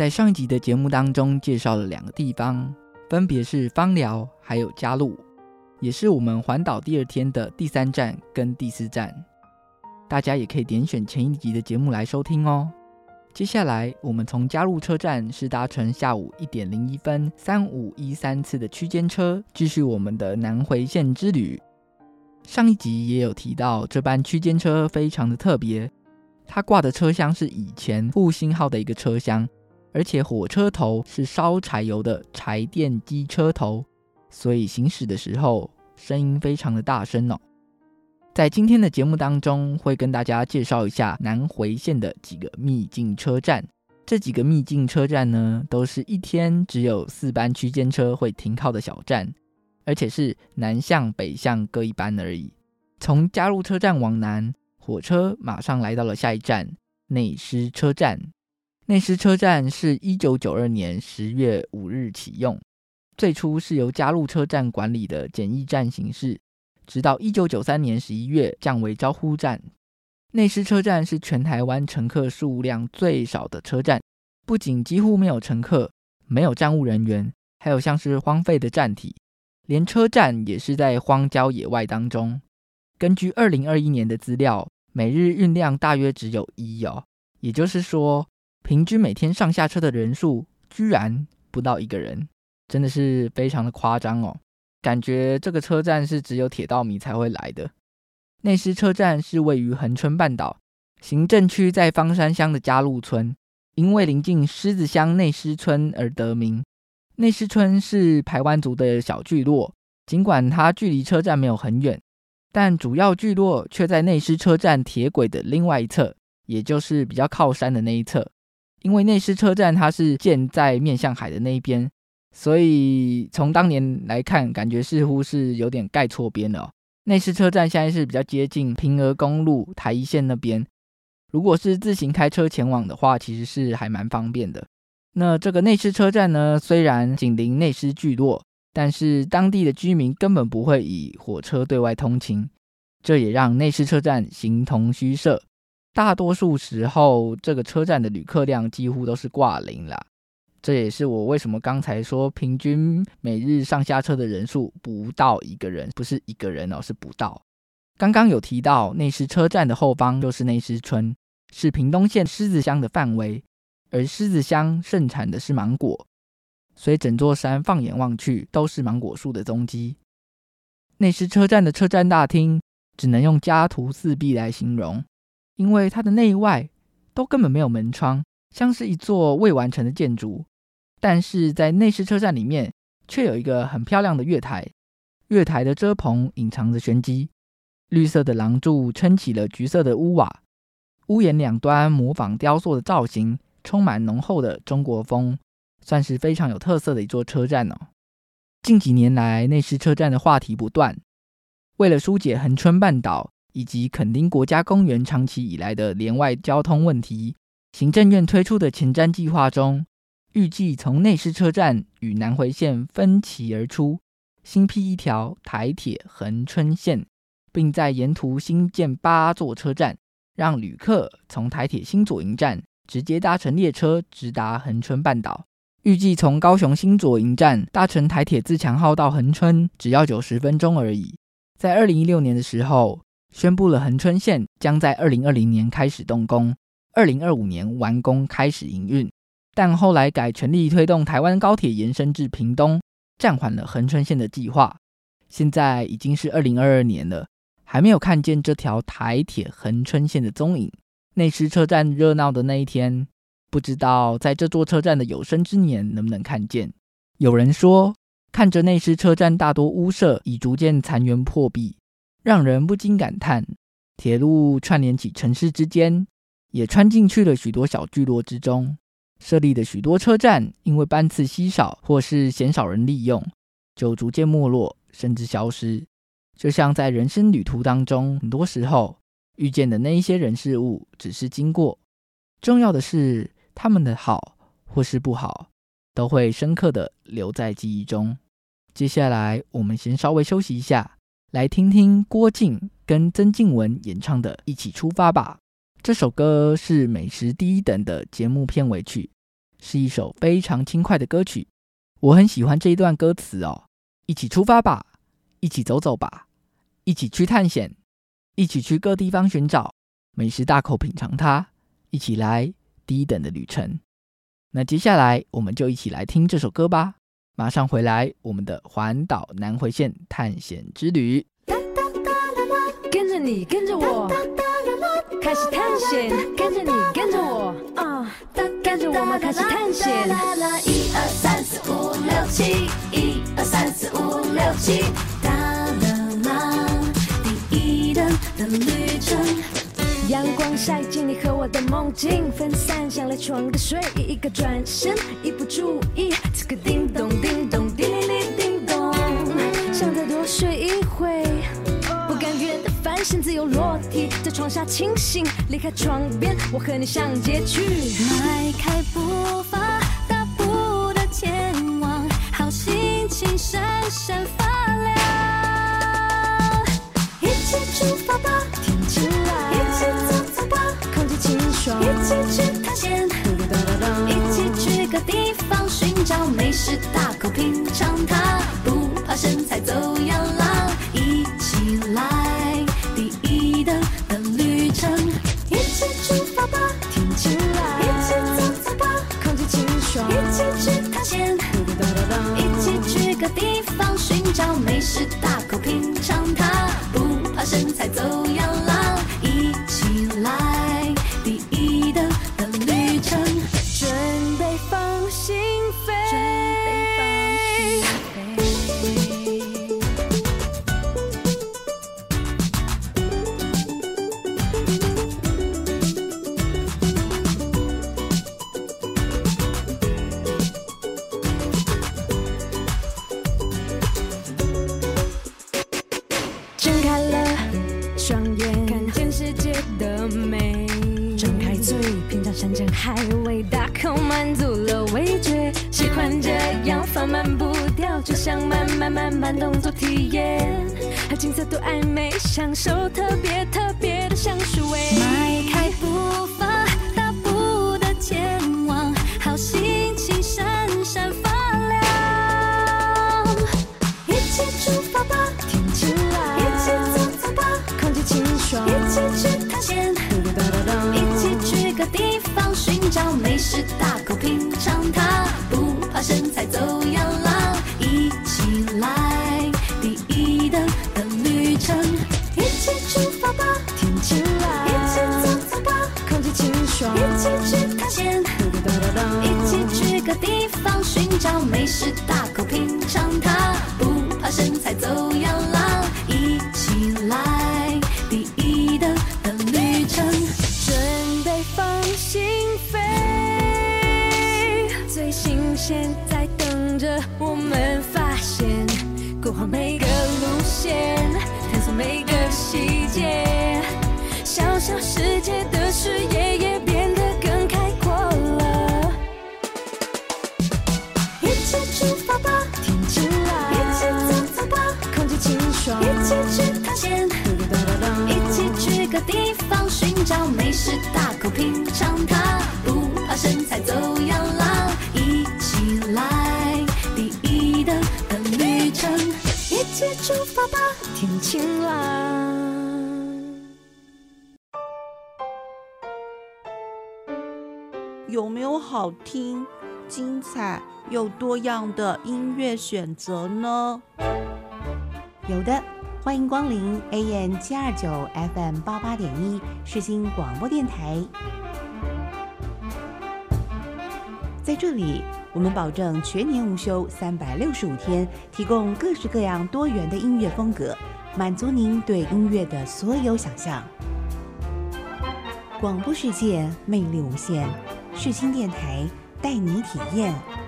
在上一集的節目當中介紹了兩個地方，分別是枋寮還有加祿，也是我們環島第二天的第三站跟第四站。大家也可以點選前一集的節目來收聽哦。接下來我們從加祿車站是搭乘下午一點零一分三五一三次的區間車，繼續我們的南回線之旅。上一集也有提到，這班區間車非常的特別，它掛的車廂是以前復興號的一個車廂。而且火車頭是燒柴油的柴電機車頭，所以行駛的時候聲音非常的大聲哦。在今天的節目當中，會跟大家介紹一下南回線的幾個秘境車站。這幾個秘境車站呢，都是一天只有四班區間車會停靠的小站，而且是南向北向各一班而已。從加祿車站往南，火車馬上來到了下一站內獅車站。內獅車站是一九九二年十月五日啟用，最初是由加祿車站管理的簡易站形式，直到一九九三年十一月降為招呼站。內獅車站是全台灣乘客數量最少的車站，不僅幾乎沒有乘客，沒有站務人員，還有像是荒廢的站體，連車站也是在荒郊野外當中。根據二零二一年的資料，每日運量大約只有一哦，也就是說。平均每天上下車的人數居然不到一個人，真的是非常的誇張哦！感覺這個車站是只有鐵道迷才會來的。內獅車站是位於恆春半島行政區，在枋山鄉的加祿村，因為臨近獅子鄉內獅村而得名。內獅村是排灣族的小聚落，儘管它距離車站沒有很遠，但主要聚落卻在內獅車站鐵軌的另外一側，也就是比較靠山的那一側。因為內獅車站它是建在面向海的那一邊，所以從當年來看，感覺似乎是有點蓋錯邊了哦。內獅車站現在是比較接近屏鵝公路台一線那邊，如果是自行開車前往的話，其實是還蠻方便的。那這個內獅車站呢，雖然緊鄰內獅聚落，但是當地的居民根本不會以火車對外通勤，這也讓內獅車站形同虛設。大多數時候，這個車站的旅客量幾乎都是掛零啦。這也是我為什麼剛才說平均每日上下車的人數不到一個人，不是一個人而、哦、是不到。剛剛有提到內獅車站的後方就是內獅村，是屏東縣獅子鄉的範圍，而獅子鄉盛產的是芒果，所以整座山放眼望去都是芒果樹的蹤跡。內獅車站的車站大廳只能用家徒四壁來形容。因為它的內外都根本沒有門窗，像是一座未完成的建築。但是在內獅車站裡面，卻有一個很漂亮的月台，月台的遮棚隱藏着玄機，綠色的廊柱撐起了橘色的屋瓦，屋檐兩端模仿雕塑的造型，充滿濃厚的中國風，算是非常有特色的一座車站哦。近幾年來，內獅車站的話題不斷。為了疏解恆春半島，以及墾丁國家公園長期以來的聯外交通問題，行政院推出的前瞻計劃中，預計從內獅車站與南回線分歧而出，新闢一條台鐵恆春線，並在沿途新建八座車站，讓旅客從台鐵新左營站直接搭乘列車直達恆春半島。預計從高雄新左營站搭乘台鐵自強號到恆春只要九十分鐘而已。在二零一六年的時候。宣布了恆春線將在二零二零年開始動工，二零二五年完工開始營運，但後來改全力推動台灣高鐵延伸至屏東，暫緩了恆春線的計劃。現在已經是二零二二年了，還沒有看見這條台鐵恆春線的蹤影。內獅車站熱鬧的那一天，不知道在這座車站的有生之年能不能看見。有人說，看着內獅車站大多屋舍已逐漸殘垣破壁。讓人不禁感嘆，鐵路串聯起城市之間，也穿進去了許多小聚落之中。設立的許多車站，因為班次稀少或是鮮少人利用，就逐漸沒落，甚至消失。就像在人生旅途當中，很多時候遇見的那一些人事物，只是經過。重要的是，他們的好或是不好，都會深刻地留在記憶中。接下來，我們先稍微休息一下。來聽聽郭靖跟曾靜雯演唱的《一起出發吧》這首歌，是美食第一等的節目片尾曲，是一首非常輕快的歌曲。我很喜歡這一段歌詞哦：一起出發吧，一起走走吧，一起去探險，一起去各地方尋找，美食大口品嘗它，一起來第一等的旅程。那接下來我們就一起來聽這首歌吧。馬上回來，我們的環島南回線探險之旅。噠噠噠啦啦，跟着你跟着我，噠噠啦啦，開始探險。跟着你跟着我，啊、哦，跟着我們開始探險。噠啦，一二三四五六七，一二三四五六七，噠啦啦，第一段的旅程。陽光曬進你和我的夢境，分散想賴床的睡意，一個轉身，一不注意，此刻叮咚叮咚叮鈴鈴叮咚，想再多睡一會，不甘願的翻身自由落體，在床下清醒，離開床邊，我和你上街去，邁開步伐，大步的前往，好心情閃閃發亮，一起出發吧。一起去探險，一起去個地方尋找美食，大口品嘗它，不怕身材走樣。曖昧，享受特別特別的香水味。邁開步伐，大步的前往，好心情閃閃發亮。一起出發吧，天晴了。一起走走吧，空氣清爽。一起去探險哼哼哼哼哼哼哼哼，一起去個地方，尋找美食大。走好每個路線，探索每個細節，小小世界的視野也變得更開闊了。一起出發吧，天晴啦，啊！一起走走吧，空氣清爽。一起去探險，都都都都都一起去個地方，尋找美食，大口品嘗它，不怕身材走。有沒有好聽、精彩又多樣的音樂選擇呢？有的，歡迎光臨 AM 七二九 FM 八八點一世新廣播電台，在這裡。我們保證全年無休，三百六十五天，提供各式各樣多元的音樂風格，滿足您對音樂的所有想象。廣播世界魅力無限，視聽電台帶你體驗。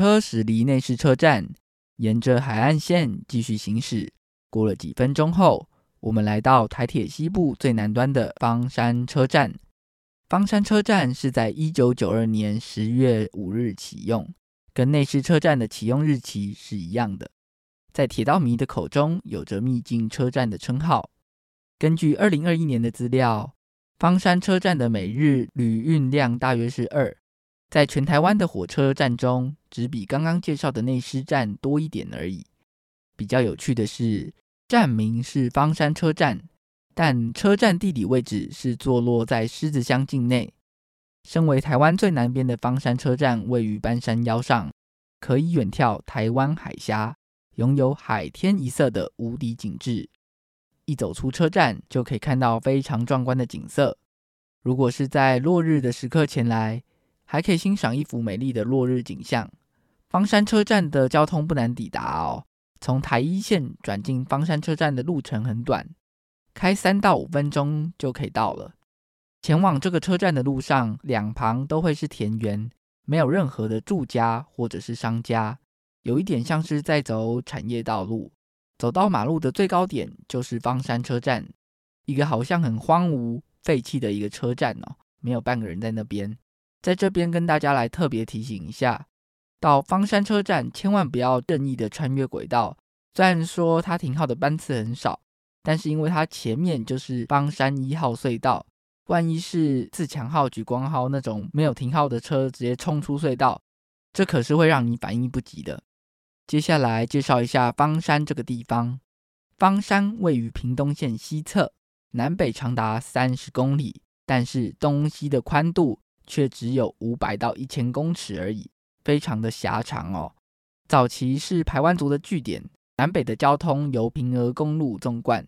車駛離內獅車站，沿着海岸線繼續行駛。過了幾分鐘後，我們來到台鐵西部最南端的枋山車站。枋山車站是在一九九二年十月五日啟用，跟內獅車站的啟用日期是一樣的。在鐵道迷的口中，有着秘境車站的稱號。根據二零二一年的資料，枋山車站的每日旅運量大約是二，在全台灣的火車站中，只比剛剛介紹的內獅站多一點而已。比較有趣的是，站名是枋山車站，但車站地理位置是坐落在獅子鄉境內。身為台灣最南邊的枋山車站，位於半山腰上，可以遠眺台灣海峽，擁有海天一色的無敵景致。一走出車站，就可以看到非常壯觀的景色。如果是在落日的時刻前來，還可以欣賞一幅美麗的落日景象。枋山車站的交通不難抵達哦，從台一線轉進枋山車站的路程很短，開三到五分鐘就可以到了。前往這個車站的路上，兩旁都會是田園，沒有任何的住家或者是商家，有一點像是在走產業道路。走到馬路的最高點就是枋山車站，一個好像很荒蕪、廢棄的一個車站哦，沒有半個人在那邊。在這邊跟大家來特別提醒一下。到枋山車站，千萬不要任意的穿越軌道。雖然說它停靠的班次很少，但是因為它前面就是枋山一號隧道，萬一是自強號、莒光號那種沒有停靠的車直接衝出隧道，這可是會讓你反應不及的。接下來介紹一下枋山這個地方。枋山位於屏東縣西側，南北長達三十公里，但是東西的寬度卻只有五百到一千公尺而已。非常的狹長哦，早期是排灣族的據點，南北的交通由屏鵝公路縱貫，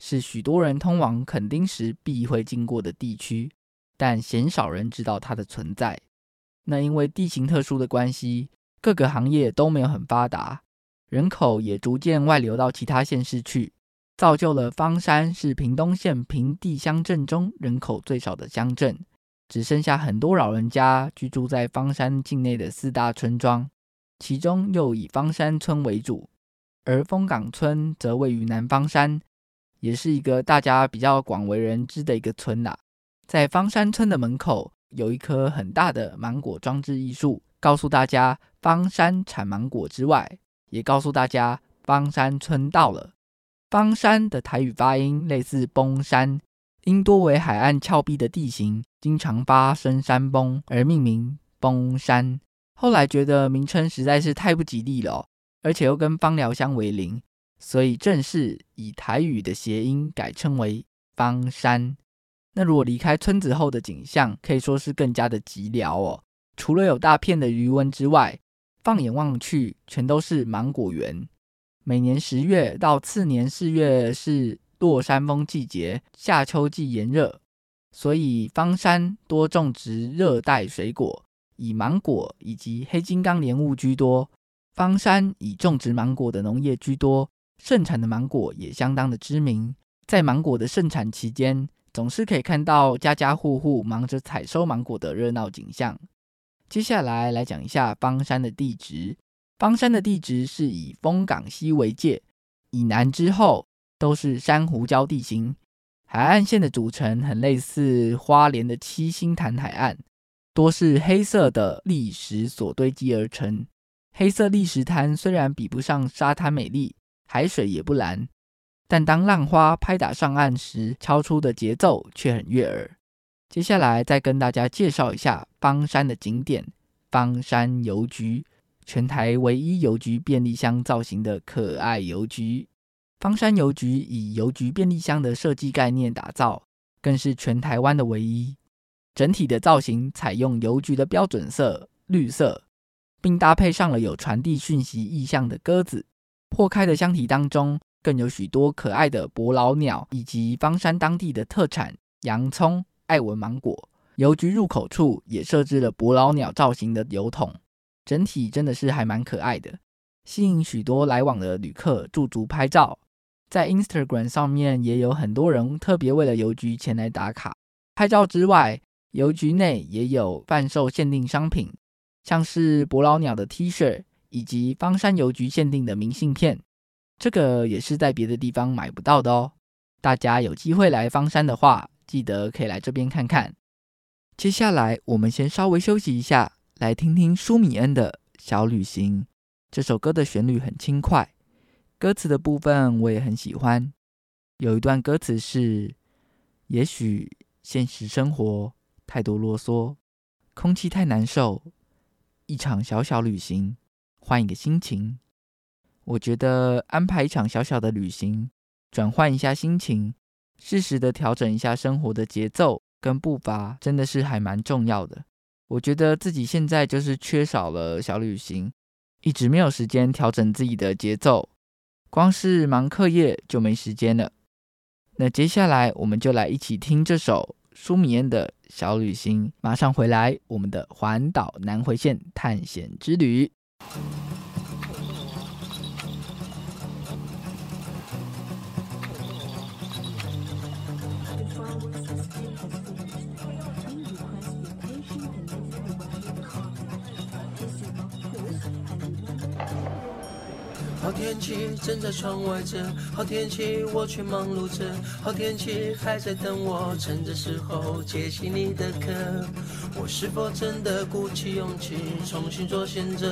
是許多人通往墾丁時必會經過的地區，但鮮少人知道它的存在。那因為地形特殊的關係，各個行業都沒有很發達，人口也逐漸外流到其他縣市去，造就了枋山是屏東縣平地鄉鎮中人口最少的鄉鎮。只剩下很多老人家居住在枋山境內的四大村莊，其中又以枋山村為主，而楓港村則位於南枋山，也是一個大家比較廣為人知的一個村吶、啊。在枋山村的門口有一棵很大的芒果裝置藝術，告訴大家枋山產芒果之外，也告訴大家枋山村到了。枋山的台語發音類似崩山。因多為海岸峭壁的地形，經常發生山崩而命名崩山。後來覺得名稱實在是太不吉利了，而且又跟枋寮鄉為鄰，所以正式以台語的諧音改稱為枋山。那如果離開村子後的景象，可以說是更加的寂寥哦。除了有大片的魚塭之外，放眼望去全都是芒果園。每年十月到次年四月是。落山風季節，夏秋季炎熱，所以枋山多種植熱帶水果，以芒果以及黑金剛蓮霧居多。枋山以種植芒果的農業居多，盛產的芒果也相當的知名。在芒果的盛產期間，總是可以看到家家戶戶忙着採收芒果的熱鬧景象。接下來來講一下枋山的地質，枋山的地質是以楓港溪為界，以南之後，都是珊瑚礁地形，海岸線的組成很類似花蓮的七星潭海岸，多是黑色的礫石所堆積而成。黑色礫石灘雖然比不上沙灘美麗，海水也不藍，但當浪花拍打上岸時，敲出的節奏卻很悅耳。接下來再跟大家介紹一下枋山的景點——枋山郵局，全台唯一郵局便利箱造型的可愛郵局。枋山郵局以郵局便利箱的設計概念打造，更是全台灣的唯一。整體的造型採用郵局的標準色綠色，並搭配上了有傳遞訊息意象的鴿子。破開的箱體當中，更有許多可愛的伯勞鳥以及枋山當地的特產洋蔥、愛文芒果。郵局入口處也設置了伯勞鳥造型的郵筒，整體真的是還蠻可愛的，吸引許多來往的旅客駐足拍照。在 Instagram 上面也有很多人特別為了郵局前來打卡拍照之外，郵局內也有販售限定商品，像是伯勞鳥的 T 恤以及枋山郵局限定的明信片，這個也是在別的地方買不到的哦。大家有機會來枋山的話，記得可以來這邊看看。接下來我們先稍微休息一下，來聽聽舒米恩的《小旅行》，這首歌的旋律很輕快。歌詞的部分我也很喜歡，有一段歌詞是：“也許現實生活太多囉嗦，空氣太難受，一場小小旅行，換一個心情。”我覺得安排一場小小的旅行，轉換一下心情，適時的調整一下生活的節奏跟步伐，真的是還蠻重要的。我覺得自己現在就是缺少了小旅行，一直沒有時間調整自己的節奏。光是忙課業就沒時間了，那接下來我們就來一起聽這首舒米恩的小旅行，馬上回來我們的環島南回線探險之旅。天氣正在窗外着，好天氣我卻忙碌着，好天氣還在等我，趁着時候接起你的課，我是否真的鼓起勇氣重新做選擇？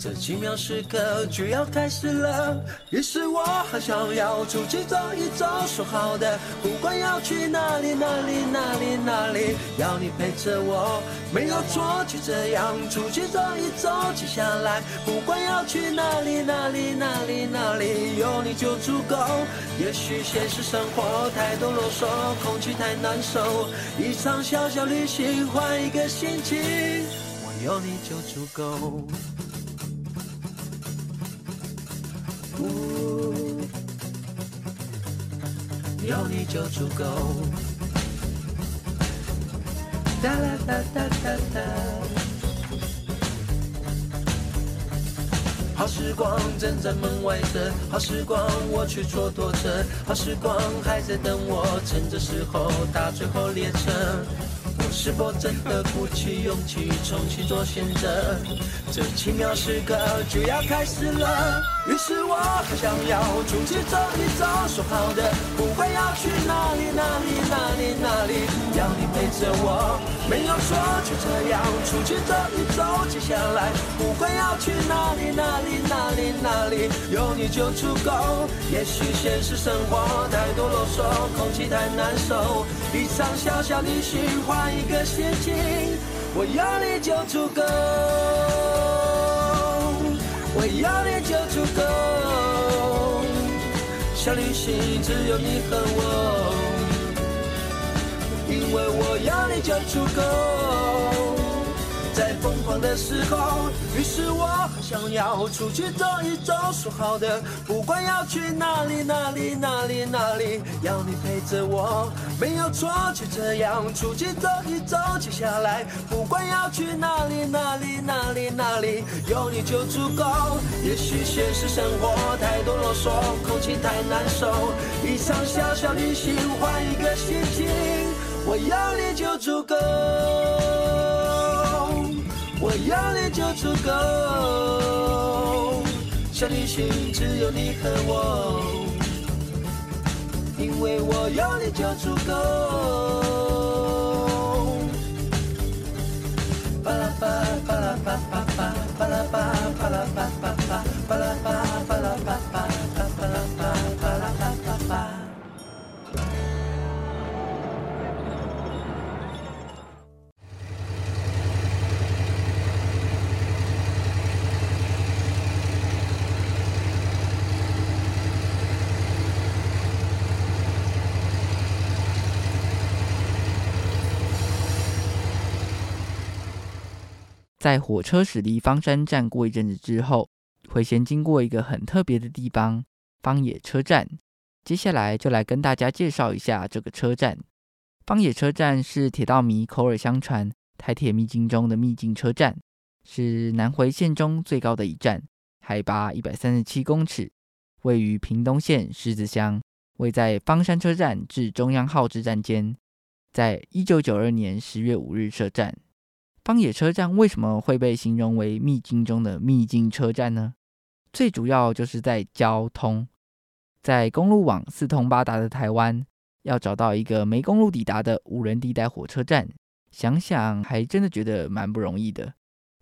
這奇妙時刻就要開始了。於是我好想要出去走一走，說好的不管要去哪裡哪裡哪裡哪裡，要你陪着我，沒有錯，就這樣出去走一走。接下來不管要去哪裡哪裡。哪裡哪裡有你就足夠。也許現實生活太多囉嗦，空氣太難受。一場小小旅行，換一個心情。我有你就足夠。有你就足夠。噠啦噠噠噠噠。好時光站在門外等，好時光我卻蹉跎着，好時光還在等我，趁着時候搭最後列車。我是否真的鼓起勇氣重新做選擇？這奇妙時刻就要開始了。於是我很想要出去走一走，說好的不會要去哪裡哪裡。我，沒有說就這樣出去走一走，接下來不會要去哪裡哪裡哪裡哪裡，有你就足夠。也許現實生活太多囉嗦，空氣太難受，一場小小旅行換一個心情，我有你就足夠，我有你就足夠，小旅行只有你和我。因為我有你就足夠，在瘋狂的時候，於是我很想要出去走一走。說好的，不管要去哪裡哪裡哪裡哪裡，要你陪着我，沒有錯。就這樣出去走一走，接下來不管要去哪裡哪裡哪裡哪裡，有你就足夠。也許現實生活太多囉嗦，空氣太難受，一場小小旅行換一個心情。我要你就足夠，我要你就足夠，小旅行只有你和我，因為我要你就足夠。在火車駛離枋山站過一陣子之後，會先經過一個很特別的地方——枋野車站。接下來就來跟大家介紹一下這個車站。枋野車站是鐵道迷口耳相傳、台鐵祕境中的祕境車站，是南回線中最高的一站，海拔一百三十七公尺，位於屏東縣獅子鄉，位在枋山車站至中央號之站間。在一九九二年十月五日設站。枋野車站為什麼會被形容為秘境中的秘境車站呢？最主要就是在交通，在公路網四通八達的台灣，要找到一個沒公路抵達的無人地帶火車站，想想還真的覺得蠻不容易的。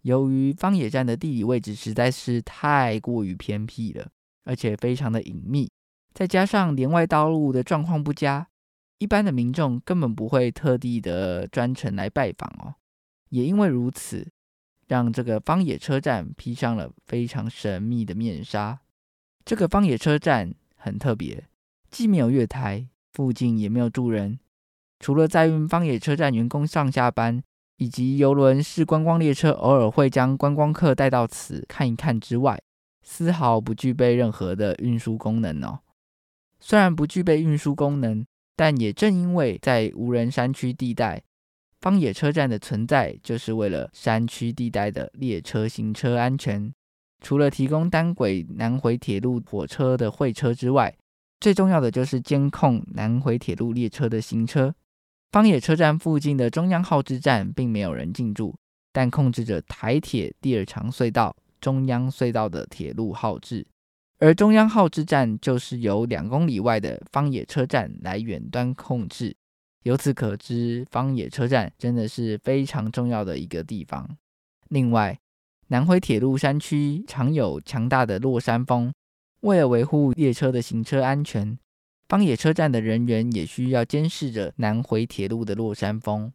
由於枋野站的地理位置實在是太過於偏僻了，而且非常的隱秘，再加上連外道路的狀況不佳，一般的民眾根本不會特地的專程來拜訪哦。也因為如此，讓這個枋野車站披上了非常神秘的面紗。這個枋野車站很特別，既沒有月台，附近也沒有住人，除了載運枋野車站員工上下班，以及郵輪式觀光列車偶爾會將觀光客帶到此看一看之外，絲毫不具備任何的運輸功能哦。雖然不具備運輸功能，但也正因為在無人山區地帶。方野車站的存在就是為了山區地帶的列車行車安全。除了提供單軌南回鐵路火車的會車之外，最重要的就是監控南回鐵路列車的行車。枋野車站附近的中央號誌站並沒有人進駐，但控制着台鐵第二長隧道中央隧道的鐵路號誌，而中央號誌站就是由兩公里外的枋野車站來遠端控制。由此可知，枋野車站真的是非常重要的一個地方。另外，南回鐵路山區常有強大的落山風，為了維護列車的行車安全，枋野車站的人員也需要監視着南回鐵路的落山風。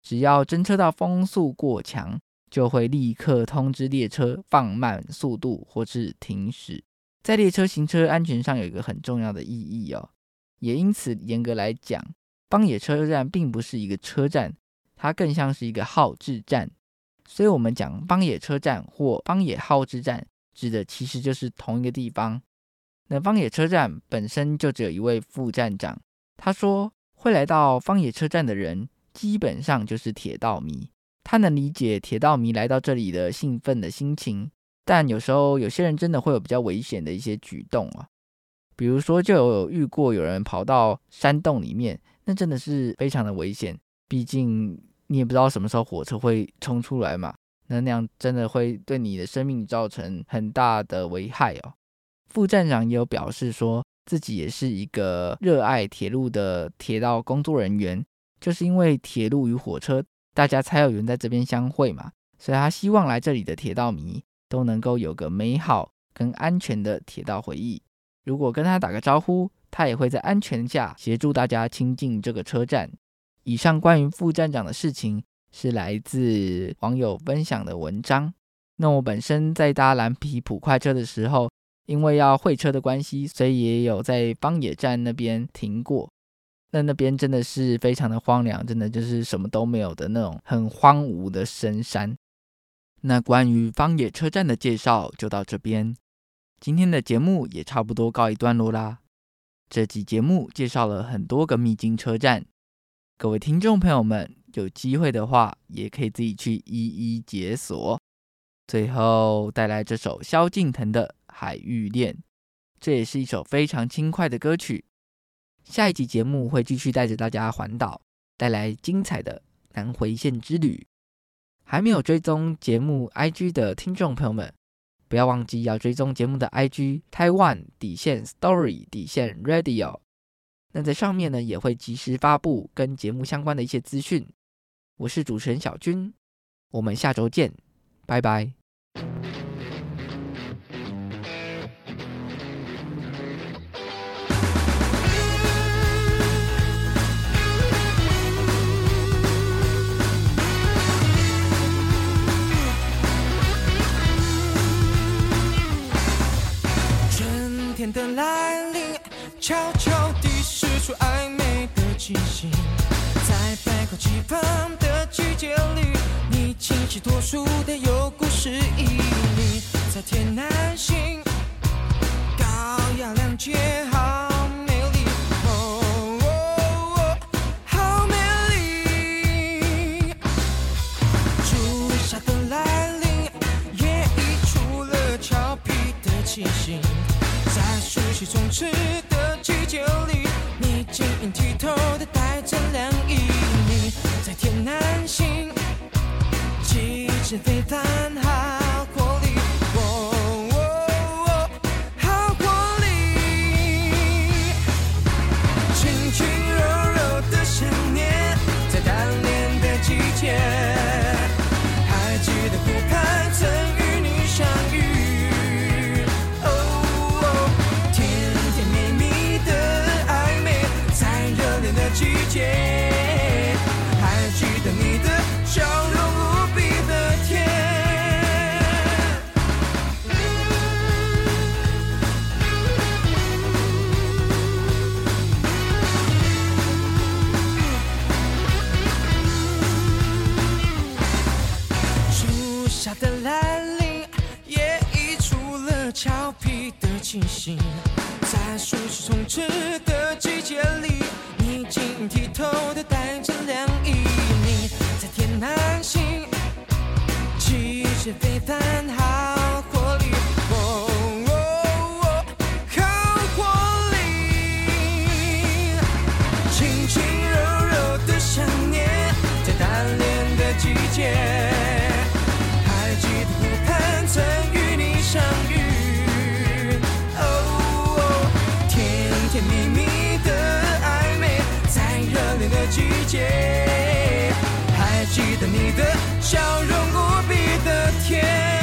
只要偵測到風速過強，就會立刻通知列車放慢速度或是停駛，在列車行車安全上有一個很重要的意義哦。也因此，嚴格來講，枋野車站並不是一個車站，它更像是一個號志站，所以我們講枋野車站或枋野號志站，指的其實就是同一個地方。那枋野車站本身就只有一位副站長，他說會來到枋野車站的人，基本上就是鐵道迷，他能理解鐵道迷來到這裡的興奮的心情，但有時候有些人真的會有比較危險的一些舉動啊。比如說，就有遇過有人跑到山洞裡面，那真的是非常的危險。畢竟你也不知道什麼時候火車會衝出來嘛，那那樣真的會對你的生命造成很大的危害哦。副站長也有表示說，自己也是一個熱愛鐵路的鐵道工作人員，就是因為鐵路與火車，大家才有緣在這邊相會嘛，所以他希望來這裡的鐵道迷都能夠有個美好跟安全的鐵道回憶。如果跟他打個招呼，他也會在安全下協助大家親近這個車站。以上關於副站長的事情是來自網友分享的文章。那我本身在搭藍皮普快車的時候，因為要會車的關係，所以也有在枋野站那邊停過。那那邊真的是非常的荒涼，真的就是什麼都沒有的那種很荒蕪的深山。那關於枋野車站的介紹就到這邊。今天的節目也差不多告一段落啦。這集節目介紹了很多個秘境車站，各位聽眾朋友們有機會的話，也可以自己去一一解鎖。最後帶來這首蕭敬騰的《海芋戀》，這也是一首非常輕快的歌曲。下一集節目會繼續帶着大家環島，帶來精彩的南回線之旅。還沒有追蹤節目 IG 的聽眾朋友們。不要忘記要追蹤節目的 IG Taiwan 底線 Story 底線 Radio。那在上面呢，也會及時發布跟節目相關的一些資訊。我是主持人小鈞，我們下周見，拜拜。的來臨，悄悄地釋出曖昧的氣息，在百花齊放的季節裡，你清新脫俗但有股詩意，你在天南星，高雅亮節，充斥的季節裡，你晶瑩剔透的帶着涼意，你在天南星，氣質非凡好。清醒，在暑氣充斥的季節裡，你晶瑩剔透的帶着涼意，你在天南星，氣宇非凡好。耶，還記得你的笑容無比的甜。